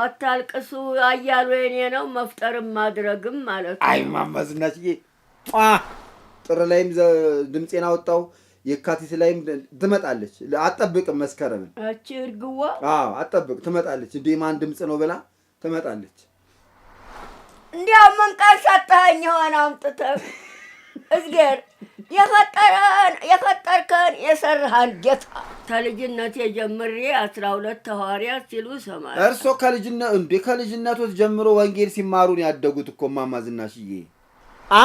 አታልቅሱ አያሉ የኔ ነው መፍጠርም ማድረግም ማለት ነው። አይ ማማዝናች ጥር ላይም ድምፄን አወጣው። የካቲት ላይም ትመጣለች። አጠብቅም መስከረምን እቺ እርግዋ አዎ አጠብቅ ትመጣለች። እንደ ማን ድምፅ ነው ብላ ትመጣለች። እንዲያው ምን ቃል ሰጠኸኝ? የሆነ አምጥተህ እግዜር የፈጠርከን የሰርሃል ጌታ ከልጅነት ጀምሬ አስራ ሁለት ሐዋርያት ሲሉ ሰማ። እርሶ ከልጅነት እንዴ? ከልጅነቶት ጀምሮ ወንጌል ሲማሩን ያደጉት እኮ እማማ ዝናሽዬ።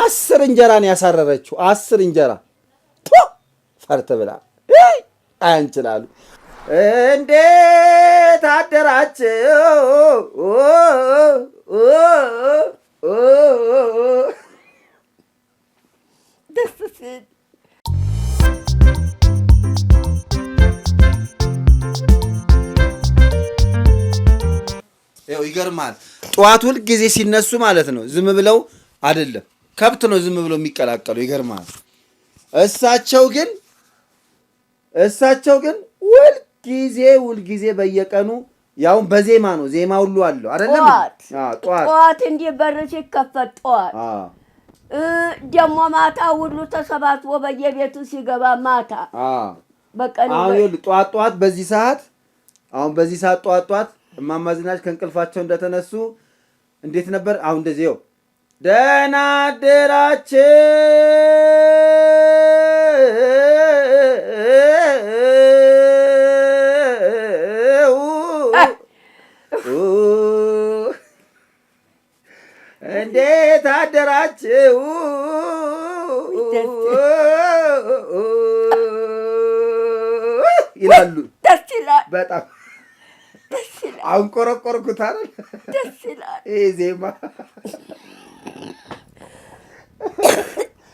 አስር እንጀራን ያሳረረችው አስር እንጀራ ቶ ፈርት ብላ አያንችላሉ። እንዴት አደራችሁ gelsin. ይገርማል። ጠዋት ሁል ጊዜ ሲነሱ ማለት ነው ዝም ብለው አይደለም ከብት ነው ዝም ብለው የሚቀላቀሉ ይገርማል። እሳቸው ግን እሳቸው ግን ሁል ጊዜ ሁል ጊዜ በየቀኑ ያውን በዜማ ነው ዜማ ሁሉ አለው አይደለም ጠዋት እንዲህ በር ሲከፈት ጠዋት ደግሞ ማታ ሁሉ ተሰባስቦ በየቤቱ ሲገባ ማታ በቀን ጠዋት ጠዋት በዚህ ሰዓት አሁን በዚህ ሰዓት ጠዋት ጠዋት እማማ ዝናሽ ከእንቅልፋቸው እንደተነሱ እንዴት ነበር? አሁን እንደዚህ ው ደህና አደራችሁ ነገራችሁ ይላሉ። ደስ ይላል በጣም አንቆረቆርኩት አይደል? ደስ ይላል ይሄ ዜማ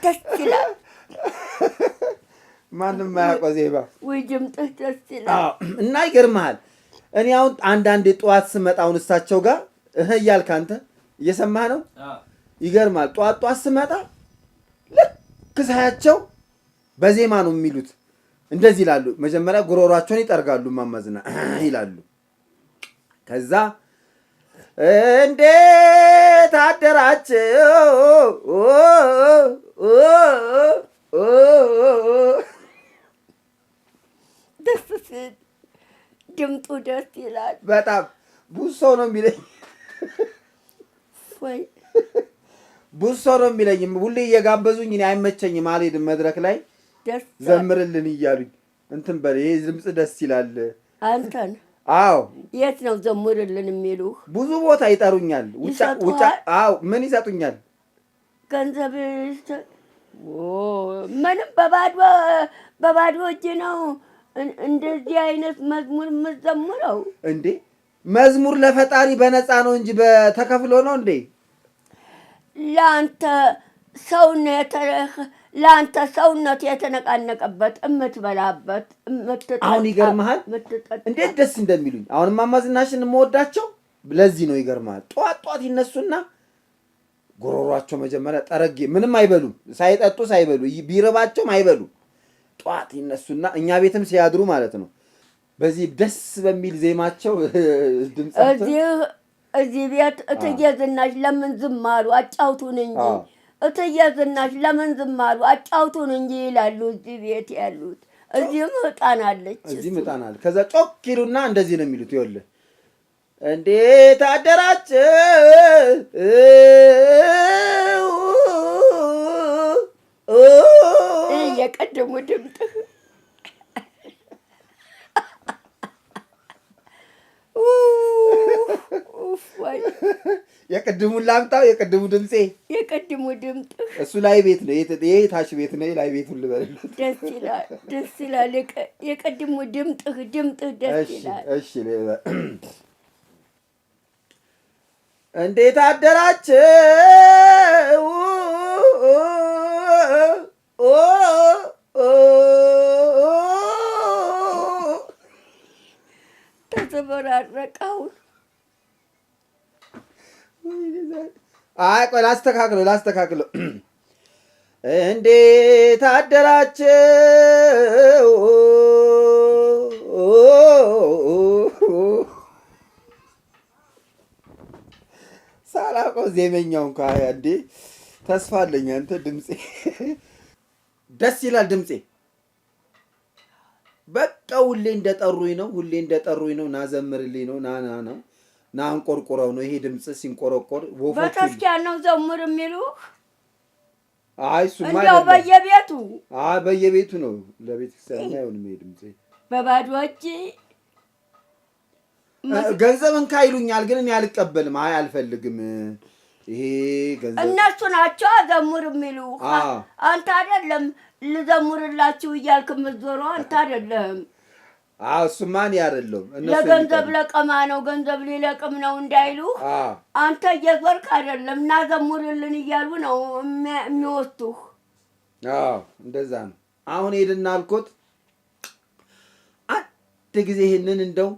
ደስ ይላል። ማንም አያውቀው ዜማ ወይ ጅምጥህ ደስ ይላል። እና ይገርምሃል፣ እኔ አሁን አንዳንዴ ጠዋት ስመጣ አሁን እሳቸው ጋር እህ እያልክ አንተ እየሰማህ ነው ይገርማል። ጧት ጧት ስመጣ ልክ ሳያቸው በዜማ ነው የሚሉት። እንደዚህ ይላሉ። መጀመሪያ ጉሮሯቸውን ይጠርጋሉ። ማማዝና ይላሉ። ከዛ እንዴት አደራችሁ ደስ ሲል ድምጡ ደስ ይላል። በጣም ብዙ ሰው ነው የሚለኝ ወይ ብዙ ሰው ነው የሚለኝ ሁሌ እየጋበዙኝ እኔ አይመቸኝም፣ አልሄድም መድረክ ላይ ዘምርልን እያሉኝ እንትን በል ይሄ ድምፅ ደስ ይላል። አንተን አዎ፣ የት ነው ዘምርልን የሚሉ? ብዙ ቦታ ይጠሩኛል። አዎ፣ ምን ይሰጡኛል? ገንዘብ ምንም በባዶ በባዶ እጅ ነው እንደዚህ አይነት መዝሙር የምዘምረው እንዴ? መዝሙር ለፈጣሪ በነፃ ነው እንጂ በተከፍሎ ነው እንዴ? ለአንተ ሰውነት ለአንተ ሰውነት የተነቃነቀበት የምትበላበት አሁን ይገርመሃል እንዴት ደስ እንደሚሉኝ። አሁን እማማ ዝናሽን የምወዳቸው ለዚህ ነው። ይገርመሃል ጠዋት ጠዋት ይነሱና ጎሮሯቸው መጀመሪያ ጠረጌ ምንም አይበሉም፣ ሳይጠጡ ሳይበሉ ቢርባቸውም አይበሉም። ጠዋት ይነሱና እኛ ቤትም ሲያድሩ ማለት ነው በዚህ ደስ በሚል ዜማቸው ድምፅ እዚህ ቤት እትዬ ዝናሽ ለምን ዝም አሉ? አጫውቱን እንጂ እትዬ ዝናሽ ለምን ዝም አሉ? አጫውቱን እንጂ ይላሉ እዚህ ቤት ያሉት። እዚህም ህጣን አለች፣ እዚህም እጣን አለ። ከዛ ጮክ ይሉና እንደዚህ ነው የሚሉት። ይኸውልህ እንዴት አደራችሁ የቀደሙ ድምጥህ የቅድሙን ላምጣው። የቅድሙ ድምፄ የቅድሙ ድምፅ እሱ ላይ ቤት ነው። ይሄ ታች ቤት ነው። ላይ ቤቱን ልበልለት። ደስ ይላል፣ ደስ ይላል። የቅድሙ ድምፅህ ድምፅህ ደስ ይላል። እሺ፣ እንዴት አደራችሁ? አይ ቆይ ላስተካክለው ላስተካክለው። እንዴት አደራችሁ? ሳላውቀው ዜመኛው እንኳ እንዴ ተስፋ አለኝ። አንተ ድምፄ ደስ ይላል ድምፄ። በቃ ሁሌ እንደጠሩኝ ነው፣ ሁሌ እንደጠሩኝ ነው። ናዘምርልኝ ነው ናና ነው ና አንቆርቁረው ነው ይሄ ድምፅ ሲንቆረቆር ወፎች በተስኪያን ነው ዘምር የሚሉህ። አይ እሱማ እንደው በየቤቱ አይ በየቤቱ ነው። ለቤተክርስቲያን አይሆንም ይሄ ድምፅ። በባዶ እጅ ገንዘብ እንካ ይሉኛል፣ ግን እኔ አልቀበልም። አይ አልፈልግም። ይሄ ገንዘብ እነሱ ናቸው ዘምር የሚሉ አንተ አይደለም። ልዘምርላችሁ እያልክ የምትዞረው አንተ አይደለም። እሱማን ያደለም ለገንዘብ ለቀማ ነው፣ ገንዘብ ሊለቅም ነው እንዳይሉ አንተ እየዞርክ አይደለም እና ዘሙርልን እያሉ ነው የሚወስዱህ። እንደዛ ነው። አሁን ሄድና አልኩት አንድ ጊዜ ይህንን እንደው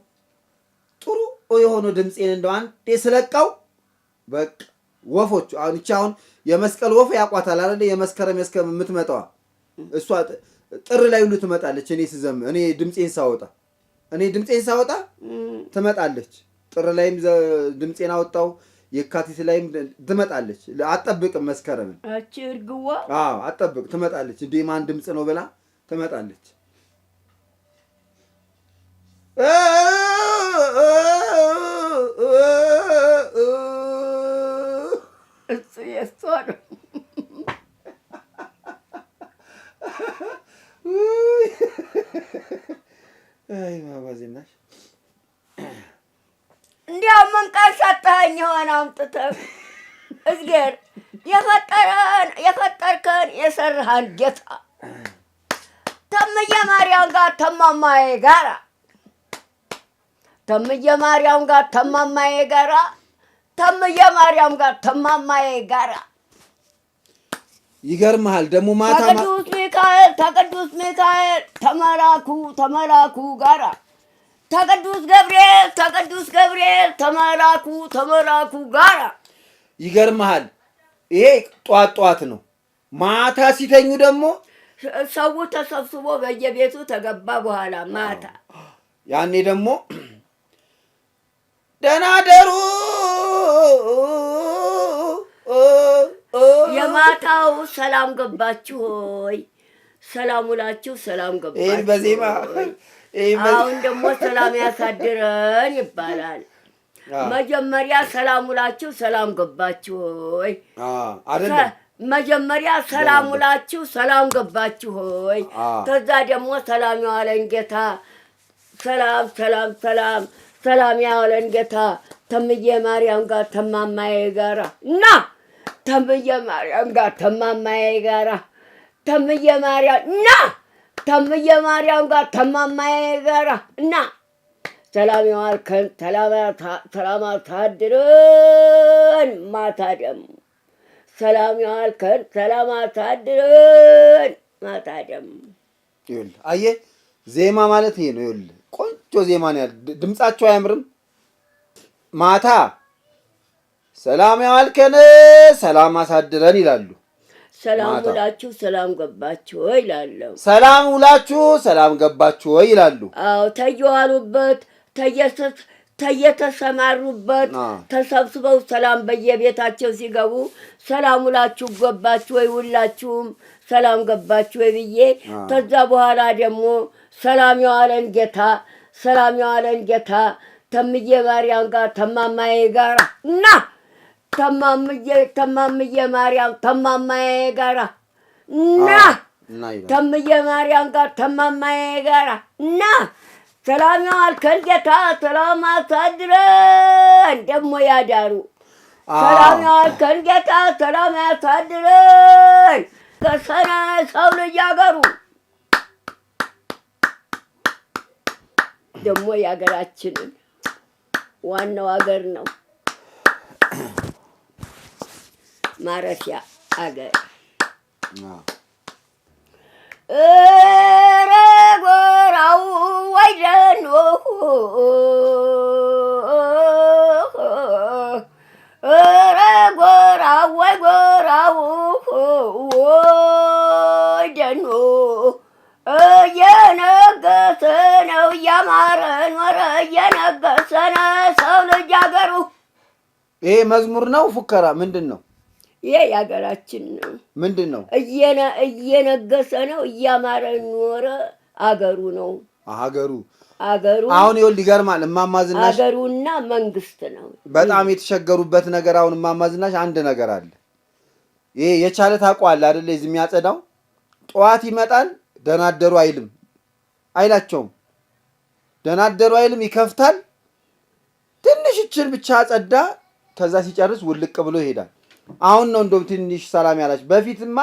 ጥሩ የሆነ ድምፄን እንደው አንዴ ስለቀው በቃ ወፎቹ አሁን ይቺ አሁን የመስቀል ወፍ ያቋታል አይደለ? የመስከረም የምትመጣዋ እሷ ጥር ላይ ሁሉ ትመጣለች። እኔ ስዘም እኔ ድምፄን ሳወጣ እኔ ድምፄን ሳወጣ ትመጣለች። ጥር ላይም ድምፄን አወጣው፣ የካቲት ላይም ትመጣለች። አጠብቅም መስከረምን እቺ እርግዋ አዎ፣ አጠብቅ ትመጣለች። እንደ ማን ድምፅ ነው ብላ ትመጣለች። እሱ የእሷ ነው እንዲያ ምን ቀን ሰጠኸኝ የሆነ አምጥተህ እግዜር የፈጠርከን የሰርሃል ጌታ ተምየ ማርያም ጋር ተማማዬ ጋራ ተምየ ማርያም ጋር ተማማዬ ጋራ ተምየ ማርያም ጋር ተማማዬ ጋራ ይገርምሃል ደግሞ ማታ ሚካኤል ከቅዱስ ሚካኤል ተመላኩ ተመላኩ ጋራ ከቅዱስ ገብርኤል ከቅዱስ ገብርኤል ተመላኩ ተመላኩ ጋራ ይገርመሃል። ይሄ ጧት ጧት ነው። ማታ ሲተኙ ደግሞ ሰው ተሰብስቦ በየቤቱ ተገባ በኋላ ማታ ያኔ ደግሞ ደህና ደሩ የማታው ሰላም ገባችሁ ሆይ ሰላም ውላችሁ ሰላም ገባችሁ። በዜማ አሁን ደግሞ ሰላም ያሳድረን ይባላል። መጀመሪያ ሰላም ውላችሁ ሰላም ገባችሁ ሆይ መጀመሪያ ሰላም ውላችሁ ሰላም ገባችሁ ሆይ። ከዛ ደግሞ ሰላም ያዋለን ጌታ ሰላም ሰላም ሰላም ሰላም ያዋለን ጌታ ተምዬ ማርያም ጋር ተማማዬ ጋራ እና ተምዬ ማርያም ጋር ተማማዬ ጋራ ተምየ ማርያም እና ተምየ ማርያም ጋር ተማማዬ ጋር እና ሰላም የዋልከን ሰላም አሳድረን፣ ማታ ደግሞ ሰላም ማታ ደግሞ ዜማ ማለት ይሄ ነው። ይል ቆንጆ ዜማ ነው ድምጻቸው አያምርም? ማታ ሰላም የዋልከን ሰላም አሳድረን ይላሉ። ሰላም ውላችሁ ሰላም ገባችሁ ወይ ይላለሁ። ሰላም ውላችሁ ሰላም ገባችሁ ወይ ይላሉ። አዎ ተየዋሉበት ተየተሰማሩበት ተሰብስበው ሰላም በየቤታቸው ሲገቡ ሰላም ውላችሁ ገባችሁ ወይ ሁላችሁም ሰላም ገባችሁ ወይ ብዬ ከዛ በኋላ ደግሞ ሰላም የዋለን ጌታ ሰላም የዋለን ጌታ ተምዬ ማርያም ጋር ተማማዬ ጋር እና ተማምዬ ተማምዬ ማርያም ተማማዬ ጋራ እና ተምዬ ማርያም ጋር ተማማዬ ጋራ እና ሰላም ከልጌታ ሰላም አሳድረን ደግሞ ያዳሩ ሰላም ከልጌታ ሰላም ከሰነ ሰው ልጅ አገሩ ደግሞ የሀገራችንን ዋናው ሀገር ነው። ማረፊያ አገር እረ ጎራው ወይደኖ እረ ጎራው ወይ ጎራው ወይደኖ እየነገሰ ነው እያማረን ወረ እየነገሰ ነው ሰው ልጅ አገሩ። ይሄ መዝሙር ነው ፉከራ ምንድን ነው? ይሄ የሀገራችን ነው። ምንድን ነው እየነገሰ ነው እያማረ ኖረ አገሩ ነው ሀገሩ አገሩ አሁን ይኸውልህ፣ ይገርማል። እማማ ዝናሽ አገሩና መንግስት ነው። በጣም የተቸገሩበት ነገር አሁን እማማ ዝናሽ አንድ ነገር አለ። ይሄ የቻለ ታውቀዋለህ አይደለ? እዚህ የሚያጸዳው ጠዋት ይመጣል። ደናደሩ አይልም አይላቸውም። ደናደሩ አይልም፣ ይከፍታል። ትንሽ ይችን ብቻ አጸዳ። ከዛ ሲጨርስ ውልቅ ብሎ ይሄዳል። አሁን ነው እንደውም ትንሽ ሰላም ያላቸው። በፊትማ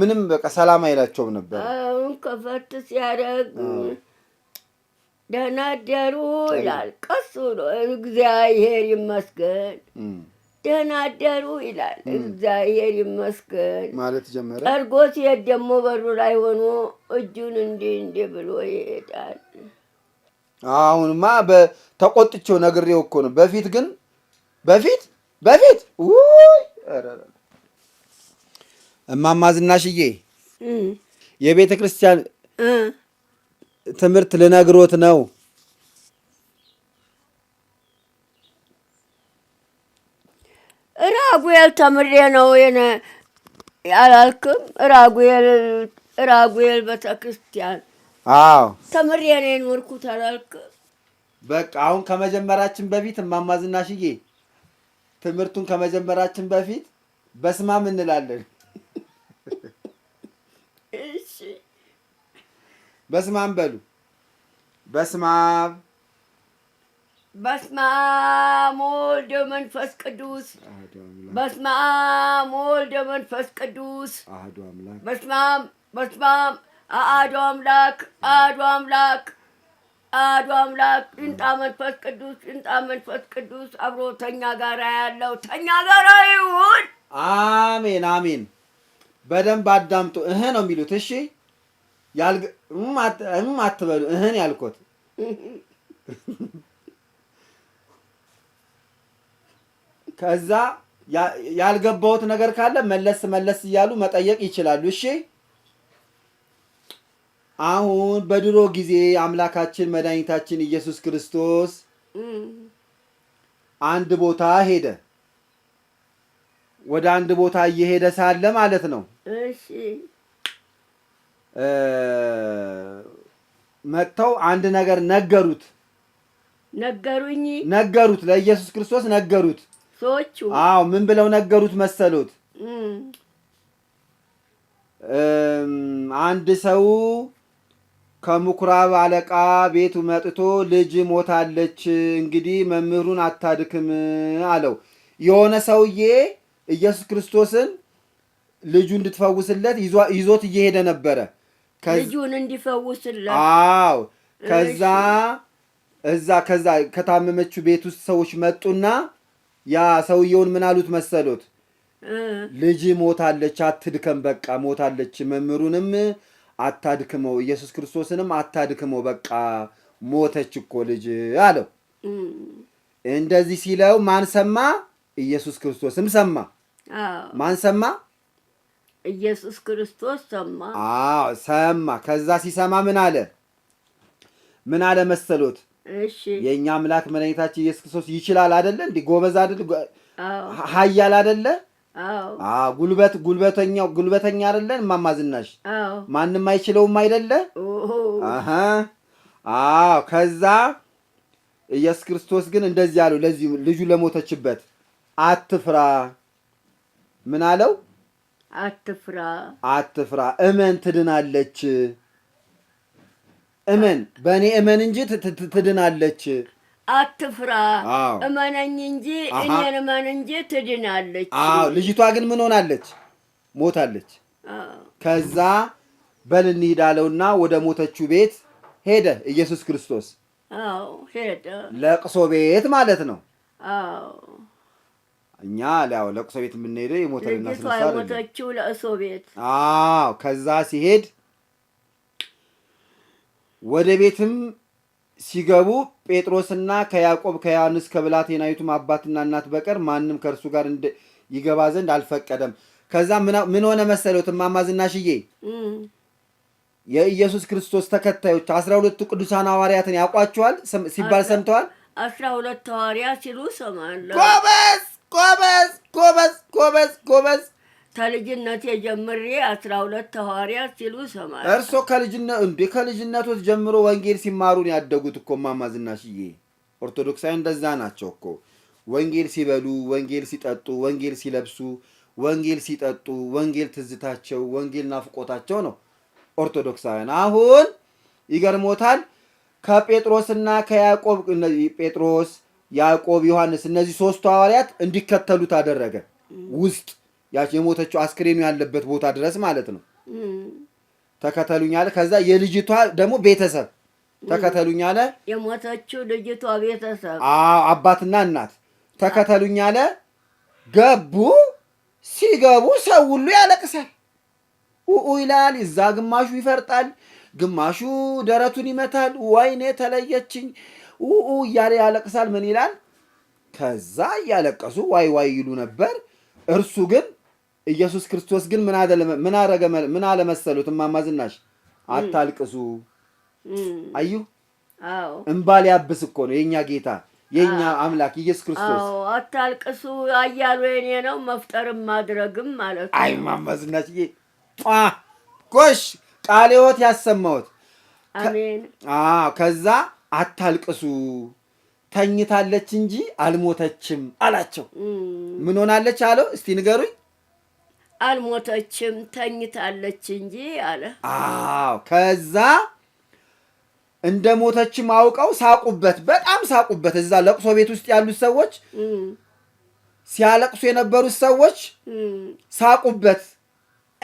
ምንም በቃ ሰላም አይላቸውም ነበር። አሁን ከፈት ሲያደርግ ደህና ይላል። ቀስ ነው እግዚአብሔር ይመስገን ደህና ይላል። እግዚአብሔር ይመስገን ማለት ጀመረ። ጠርጎ ሲሄድ ደግሞ በሩ ላይ ሆኖ እጁን እንዲህ እንዲህ ብሎ ይሄዳል። አሁንማ በተቆጥቼው ነግሬው እኮ ነው። በፊት ግን በፊት በፊት ውይ እማማ ዝናሽዬ የቤተ ክርስቲያን ትምህርት ልነግሮት ነው። ራጉኤል ተምሬ ነው የነ ያላልክም? ራጉኤል ቤተ ክርስቲያን አዎ፣ ተምሬ ነው የኖርኩት አላልክም? በቃ አሁን ከመጀመራችን በፊት እማማ ዝናሽዬ ትምህርቱን ከመጀመራችን በፊት በስማም እንላለን። በስማም በሉ። በስማም በስማም ወልድ መንፈስ ቅዱስ በስማም ወልድ መንፈስ ቅዱስ በስማም በስማም አሐዱ አምላክ አሐዱ አምላክ አሐዱ አምላክ ይንጣ መንፈስ ቅዱስ ይንጣ መንፈስ ቅዱስ አብሮ ተኛ ጋራ ያለው ተኛ ጋራ ይሁን። አሜን አሜን። በደንብ አዳምጡ። እህ ነው የሚሉት። እሺ አትበሉ። እህን ያልኩት ከዛ ያልገባሁት ነገር ካለ መለስ መለስ እያሉ መጠየቅ ይችላሉ። እሺ አሁን በድሮ ጊዜ አምላካችን መድኃኒታችን ኢየሱስ ክርስቶስ አንድ ቦታ ሄደ። ወደ አንድ ቦታ እየሄደ ሳለ ማለት ነው መጥተው አንድ ነገር ነገሩት። ነገሩኝ ነገሩት፣ ለኢየሱስ ክርስቶስ ነገሩት ሰዎቹ። አዎ ምን ብለው ነገሩት መሰሉት? አንድ ሰው ከምኩራብ አለቃ ቤት መጥቶ ልጅ ሞታለች፣ እንግዲህ መምህሩን አታድክም አለው። የሆነ ሰውዬ ኢየሱስ ክርስቶስን ልጁ እንድትፈውስለት ይዞት እየሄደ ነበረ። ልጁን እንዲፈውስለት። አዎ። ከዛ እዛ ከዛ ከታመመችው ቤት ውስጥ ሰዎች መጡና ያ ሰውየውን ምን አሉት መሰሎት? ልጅ ሞታለች፣ አትድከም፣ በቃ ሞታለች፣ መምህሩንም አታድክመው፣ ኢየሱስ ክርስቶስንም አታድክመው፣ በቃ ሞተች እኮ ልጅ አለው። እንደዚህ ሲለው ማን ሰማ? ኢየሱስ ክርስቶስም ሰማ። ማን ሰማ? ኢየሱስ ክርስቶስ ሰማ። አዎ ሰማ። ከዛ ሲሰማ ምን አለ? ምን አለ መሰሎት? እሺ የእኛ አምላክ መድኃኒታችን ኢየሱስ ክርስቶስ ይችላል አደለ? እንዲህ ጎበዝ አደለ? ሀያል አደለ? ጉልበት ጉልበተኛው ጉልበተኛ አይደለን? ማማዝናሽ ማንም አይችለውም አይደለ? አዎ። ከዛ ኢየሱስ ክርስቶስ ግን እንደዚህ አለው፣ ለዚህ ልጁ ለሞተችበት አትፍራ። ምን አለው? አትፍራ፣ አትፍራ፣ እመን ትድናለች። እመን፣ በእኔ እመን እንጂ ትድናለች። አትፍራ እመነኝ እንጂ እኔን እመን እንጂ ትድናለች። አዎ ልጅቷ ግን ምን ሆናለች? ሞታለች። ከዛ በል እንሂድ አለውና ወደ ሞተችው ቤት ሄደ ኢየሱስ ክርስቶስ። አዎ ሄደ። ለቅሶ ቤት ማለት ነው። አዎ እኛ ያው ለቅሶ ቤት የምንሄደው የሞተልና ሞተችው ለቅሶ ቤት። አዎ ከዛ ሲሄድ ወደ ቤትም ሲገቡ ጴጥሮስና ከያዕቆብ ከዮሐንስ ከብላቴናይቱም አባትና እናት በቀር ማንም ከእርሱ ጋር ይገባ ዘንድ አልፈቀደም። ከዛ ምን ሆነ መሰለው እማማ ዝናሽዬ የኢየሱስ ክርስቶስ ተከታዮች አስራ ሁለቱ ቅዱሳን ሐዋርያትን ያውቋቸዋል ሲባል ሰምተዋል። አስራ ሁለት ሐዋርያ ሲሉ ሰማለሁ። ጎበዝ ጎበዝ ጎበዝ ጎበዝ ጎበዝ ከልጅነቴ ጀምሬ አስራ ሁለት ሐዋርያት ሲሉ ሰማል። እርስዎ ከልጅነ እንዴ? ከልጅነቶት ጀምሮ ወንጌል ሲማሩን ያደጉት እኮ እማማ ዝናሽዬ፣ ኦርቶዶክሳዊ እንደዛ ናቸው እኮ ወንጌል ሲበሉ፣ ወንጌል ሲጠጡ፣ ወንጌል ሲለብሱ፣ ወንጌል ሲጠጡ፣ ወንጌል ትዝታቸው፣ ወንጌል ናፍቆታቸው ነው ኦርቶዶክሳውያን። አሁን ይገርሞታል ከጴጥሮስና ከያዕቆብ ጴጥሮስ፣ ያዕቆብ፣ ዮሐንስ እነዚህ ሶስቱ ሐዋርያት እንዲከተሉት አደረገ ውስጥ ያች የሞተችው አስክሬኑ ያለበት ቦታ ድረስ ማለት ነው። ተከተሉኝ አለ። ከዛ የልጅቷ ደግሞ ቤተሰብ ተከተሉኝ አለ። የሞተችው ልጅቷ ቤተሰብ አባትና እናት ተከተሉኝ አለ። ገቡ። ሲገቡ ሰው ሁሉ ያለቅሳል፣ ኡኡ ይላል። እዛ ግማሹ ይፈርጣል፣ ግማሹ ደረቱን ይመታል። ወይኔ ተለየችኝ ኡኡ እያለ ያለቅሳል። ምን ይላል? ከዛ እያለቀሱ ዋይ ዋይ ይሉ ነበር። እርሱ ግን ኢየሱስ ክርስቶስ ግን ምን አረገ? ምን አለመሰሉት? እማማ ዝናሽ አታልቅሱ። አዩ እምባ ሊያብስ እኮ ነው የእኛ ጌታ የእኛ አምላክ ኢየሱስ ክርስቶስ አታልቅሱ አያሉ የኔ ነው መፍጠርም ማድረግም ማለት ነው። አይ እማማ ዝናሽዬ ጎሽ ቃለ ሕይወት ያሰማሁት። አሜን። ከዛ አታልቅሱ ተኝታለች እንጂ አልሞተችም አላቸው። ምን ሆናለች አለው? እስቲ ንገሩኝ አልሞተችም ተኝታለች እንጂ አለ። አዎ ከዛ እንደ ሞተችም አውቀው ሳቁበት፣ በጣም ሳቁበት። እዛ ለቅሶ ቤት ውስጥ ያሉት ሰዎች ሲያለቅሱ የነበሩት ሰዎች ሳቁበት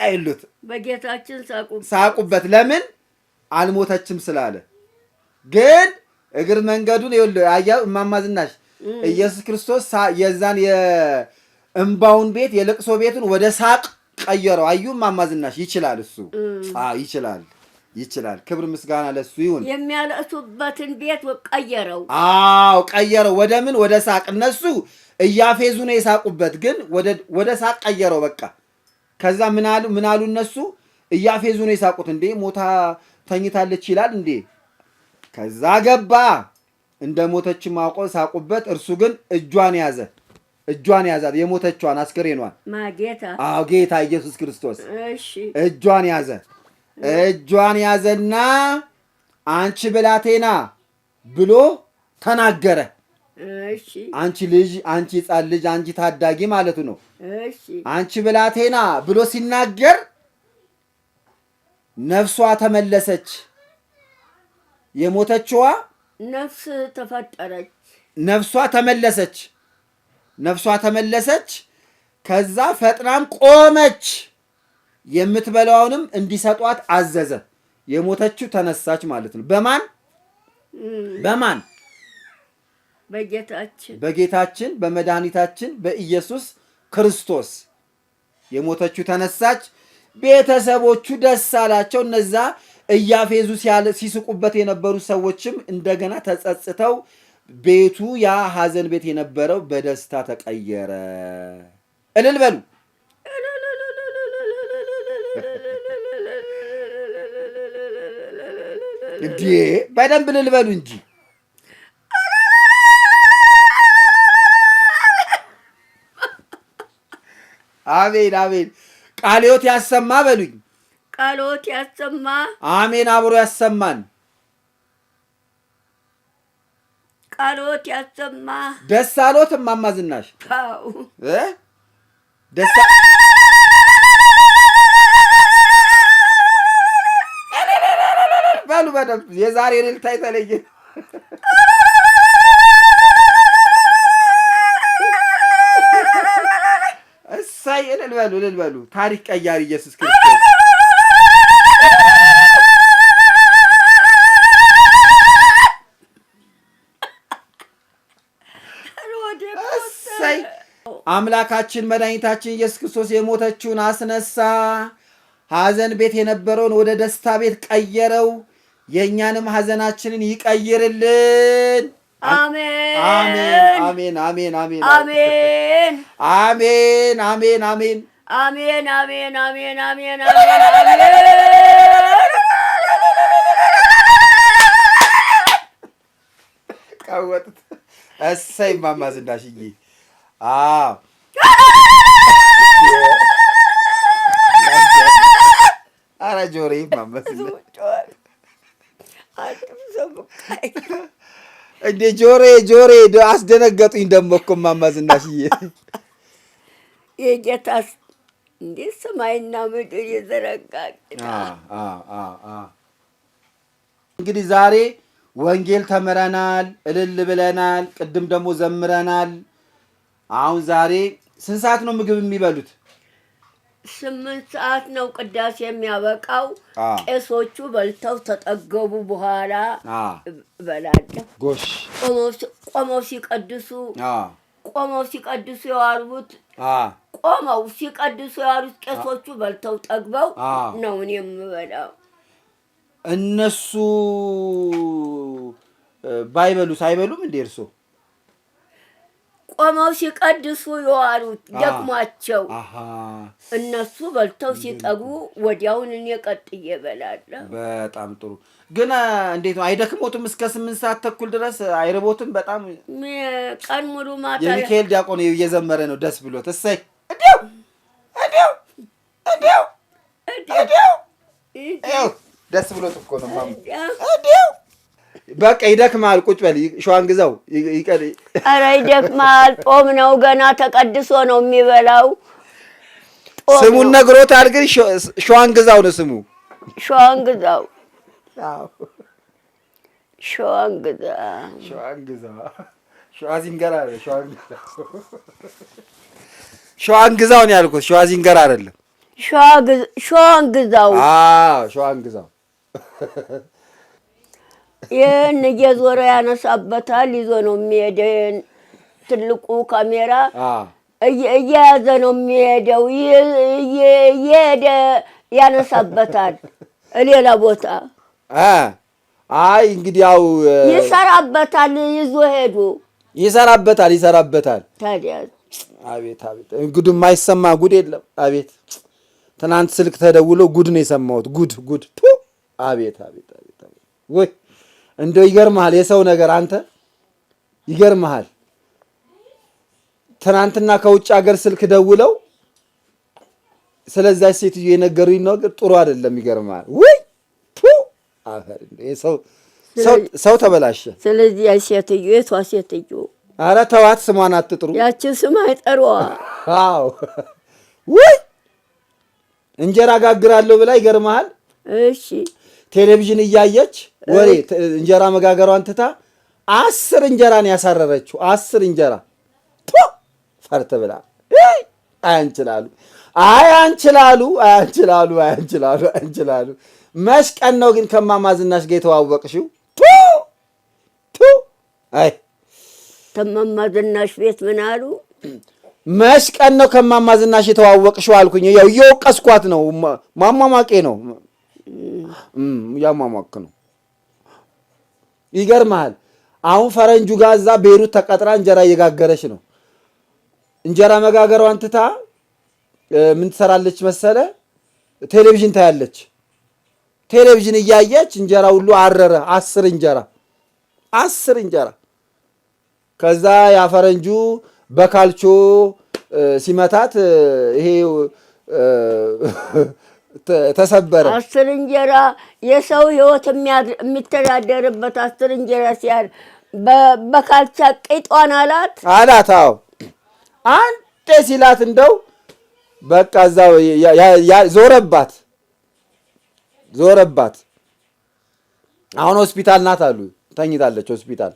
አይሉት በጌታችን ሳቁበት። ለምን አልሞተችም ስላለ። ግን እግር መንገዱን እማማ ዝናሽ ኢየሱስ ክርስቶስ የዛን እምባውን ቤት የለቅሶ ቤቱን ወደ ሳቅ ቀየረው። አዩም ማማዝናሽ ይችላል፣ እሱ ይችላል፣ ይችላል። ክብር ምስጋና ለሱ ይሁን። የሚያለቅሱበትን ቤት ቀየረው። አዎ ቀየረው። ወደ ምን? ወደ ሳቅ። እነሱ እያፌዙ ነው የሳቁበት፣ ግን ወደ ሳቅ ቀየረው። በቃ ከዛ ምናሉ ምናሉ እነሱ እያፌዙ ነው የሳቁት። እንዴ ሞታ ተኝታለች ይላል እንዴ። ከዛ ገባ እንደ ሞተች ማውቆ ሳቁበት። እርሱ ግን እጇን ያዘ። እጇን ያዛት የሞተችዋን አስክሬኗን ጌታ ጌታ ኢየሱስ ክርስቶስ እጇን ያዘ እጇን ያዘና አንቺ ብላቴና ብሎ ተናገረ። አንቺ ልጅ፣ አንቺ ህፃን ልጅ፣ አንቺ ታዳጊ ማለቱ ነው። አንቺ ብላቴና ብሎ ሲናገር ነፍሷ ተመለሰች። የሞተችዋ ነፍስ ተፈጠረች። ነፍሷ ተመለሰች። ነፍሷ ተመለሰች። ከዛ ፈጥናም ቆመች። የምትበላውንም እንዲሰጧት አዘዘ። የሞተችው ተነሳች ማለት ነው። በማን በማን? በጌታችን በጌታችን በመድኃኒታችን በኢየሱስ ክርስቶስ የሞተችው ተነሳች። ቤተሰቦቹ ደስ አላቸው። እነዛ እያፌዙ ሲስቁበት የነበሩ ሰዎችም እንደገና ተጸጽተው ቤቱ ያ ሐዘን ቤት የነበረው በደስታ ተቀየረ። እልል በሉ። እንዴ በደንብ እልል በሉ እንጂ አሜን አሜን። ቃልዮት ያሰማ በሉኝ። ቃልዮት ያሰማ። አሜን አብሮ ያሰማን። ቃሎት ያሰማ ደስ አሎት እማማ ዝናሽ እ ደስ በሉ በደምብ የዛሬ እልልታ የተለየ እሳይ እልል በሉ እልል በሉ ታሪክ ቀያሪ ኢየሱስ ክርስቶስ አምላካችን መድኃኒታችን ኢየሱስ ክርስቶስ የሞተችውን አስነሳ። ሐዘን ቤት የነበረውን ወደ ደስታ ቤት ቀየረው። የእኛንም ሐዘናችንን ይቀይርልን። አሜን አሜን አሜን አሜን አሜን አሜን አሜን አሜን አሜን አሜን አሜን አሜን አሜን አሜን አሜን አሜን አዎ ኧረ ጆሮዬ እንደ ጆሮዬ ጆሮዬ አስደነገጡኝ። ደግሞ እኮ እማማ ዝናሽዬ እንደ ሰማይና ምድር የዘረጋ እንግዲህ ዛሬ ወንጌል ተምረናል፣ እልል ብለናል፣ ቅድም ደግሞ ዘምረናል። አሁን ዛሬ ስንት ሰዓት ነው ምግብ የሚበሉት? ስምንት ሰዓት ነው ቅዳሴ የሚያበቃው። ቄሶቹ በልተው ተጠገቡ በኋላ እበላለሁ። ጎሽ ቆመው ሲቀድሱ ቆመው ሲቀድሱ የዋሉት ቆመው ሲቀድሱ የዋሉት ቄሶቹ በልተው ጠግበው ነው እኔ የምበላው። እነሱ ባይበሉት አይበሉም እንዴ እርስ ቆመው ሲቀድሱ የዋሉት ደክሟቸው እነሱ በልተው ሲጠጉ ወዲያውን እኔ ቀጥዬ እበላለሁ። በጣም ጥሩ ግን እንዴት ነው አይደክሞትም? እስከ ስምንት ሰዓት ተኩል ድረስ አይርቦትም? በጣም ቀን ሙሉ ማታ የሚካኤል ዲያቆን እየዘመረ ነው ደስ ብሎት። እሰይ እንዲያው እንዲያው እንዲያው እንዲያው ደስ ብሎት እኮ ነው እንዲያው በቃ ይደክማል። ቁጭ በል ሸዋን ግዛው። ኧረ ይደክማል። ጾም ነው ገና ተቀድሶ ነው የሚበላው። ስሙን ነግሮታል፣ ግን ሸዋን ግዛው ነው ስሙ። ሸዋን ግዛው፣ ሸዋን ግዛ፣ ሸዋን ግዛ፣ ሸዋ ዚንገር አለ። ሸዋን ግዛው ነው ያልኩት፣ ሸዋ ዚንገር አይደለም። ሸዋን ግዛው፣ ሸዋን ግዛው ይህን እየዞረ ያነሳበታል። ይዞ ነው የሚሄደው። ትልቁ ካሜራ እየያዘ ነው የሚሄደው። እየሄደ ያነሳበታል። ሌላ ቦታ አይ እንግዲህ ያው ይሰራበታል። ይዞ ሄዱ። ይሰራበታል፣ ይሰራበታል። ታዲያ አቤት አቤት! ጉድ የማይሰማ ጉድ የለም። አቤት ትናንት ስልክ ተደውሎ ጉድ ነው የሰማሁት። ጉድ ጉድ! አቤት አቤት አቤት! ወይ እንደው ይገርመሃል፣ የሰው ነገር አንተ ይገርመሃል። ትናንትና ከውጭ ሀገር ስልክ ደውለው ስለዛች ሴትዮ የነገሩኝ ነገር ጥሩ አይደለም። ይገርመሃል። ውይ ሰው ተበላሸ። ስለዚህ ያ ሴትዮ የቷ ሴትዮ? አረ ተዋት፣ ስሟን አትጥሩ። ያችን ስም አይጠሯ። አዎ ውይ እንጀራ ጋግራለሁ ብላ ይገርመሃል። እሺ ቴሌቪዥን እያየች ወሬ እንጀራ መጋገሯን ትታ አስር እንጀራን ያሳረረችው አስር እንጀራ ቶ ፈርት ብላ አያንችላሉ አያንችላሉ አያንችላሉ አያንችላሉ አያንችላሉ። መስቀን ነው ግን ከማማዝናሽ ዝናሽ ጋር የተዋወቅሽው? ቱ ቱ አይ ከማማዝናሽ ቤት ምን አሉ? መስቀን ነው ከማማዝናሽ ዝናሽ የተዋወቅሽው አልኩኝ። ያው እየወቀስኳት ነው። ማሟሟቄ ነው። ያሟሟቅ ነው ይገርመሃል። አሁን ፈረንጁ ጋዛ እዛ ተቀጥራ እንጀራ እየጋገረች ነው። እንጀራ መጋገሯን ትታ ምን ትሰራለች መሰለ? ቴሌቪዥን ታያለች። ቴሌቪዥን እያየች እንጀራ ሁሉ አረረ። አስር እንጀራ አስር እንጀራ። ከዛ ያ ፈረንጁ በካልቾ ሲመታት ይሄ ተሰበረ። አስር እንጀራ የሰው ህይወት የሚተዳደርበት አስር እንጀራ ሲያል በካልቻ ቂጧን አላት አላት። አዎ አንዴ ሲላት እንደው በቃ እዛው ዞረባት ዞረባት። አሁን ሆስፒታል ናት አሉ። ተኝታለች ሆስፒታል።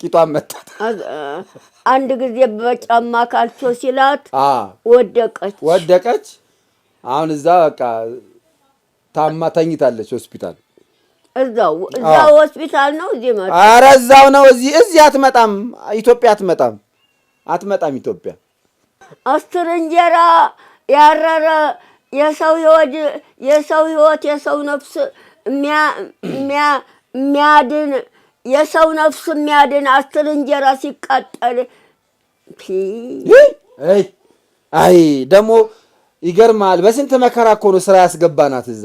ቂጧን መታት። አንድ ጊዜ በጫማ ካልቾ ሲላት ወደቀች ወደቀች። አሁን እዛ በቃ ታማ ተኝታለች ሆስፒታል። እዛው እዛው ሆስፒታል ነው። እዚህ ኧረ እዛው ነው። እዚህ እዚህ አትመጣም፣ ኢትዮጵያ አትመጣም፣ አትመጣም ኢትዮጵያ። አስር እንጀራ ያረረ የሰው ህይወት የሰው ህይወት የሰው ነፍስ የሚያድን የሰው ነፍስ የሚያድን አስር እንጀራ ሲቃጠል አይ ደግሞ ይገርማል። በስንት መከራ እኮ ነው ስራ ያስገባናት። እዛ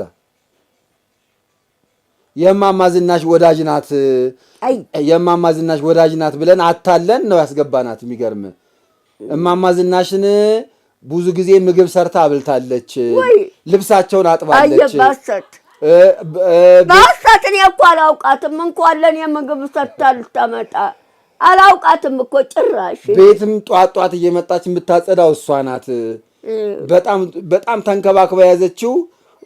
የማማ ዝናሽ ወዳጅ ናት፣ የማማ ዝናሽ ወዳጅ ናት ብለን አታለን ነው ያስገባናት። የሚገርም እማማ ዝናሽን ብዙ ጊዜ ምግብ ሰርታ አብልታለች፣ ልብሳቸውን አጥባለች። በሐሰት እኔ እኮ አላውቃትም። እንኳን ለእኔ ምግብ ሰርታ ልታመጣ አላውቃትም እኮ ጭራሽ። ቤትም ጧጧት እየመጣች የምታጸዳው እሷ ናት። በጣም ተንከባክባ የያዘችው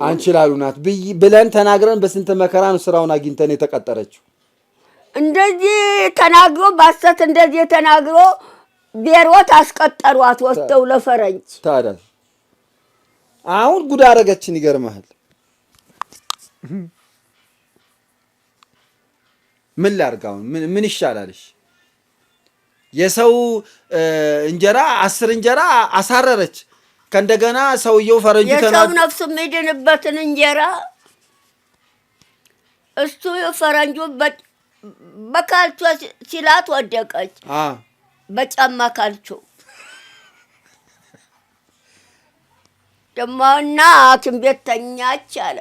አንችላሉ ናት ብለን ተናግረን በስንት መከራ ነው ስራውን አግኝተን የተቀጠረችው። እንደዚህ ተናግሮ ባሰት እንደዚህ ተናግሮ ቤሮት አስቀጠሯት ወስደው ለፈረንጅ። ታዲያ አሁን ጉድ አረገችን። ይገርመሃል። ምን ላድርግ አሁን ምን ይሻላልሽ? የሰው እንጀራ አስር እንጀራ አሳረረች። ከእንደገና ሰውየው ፈረንጅ የሰው ነፍስ የሚድንበትን እንጀራ እሱ ፈረንጁ በካልቾ ሲላት ወደቀች። በጫማ ካልቾ ደማና ሐኪም ቤት ተኛች አለ።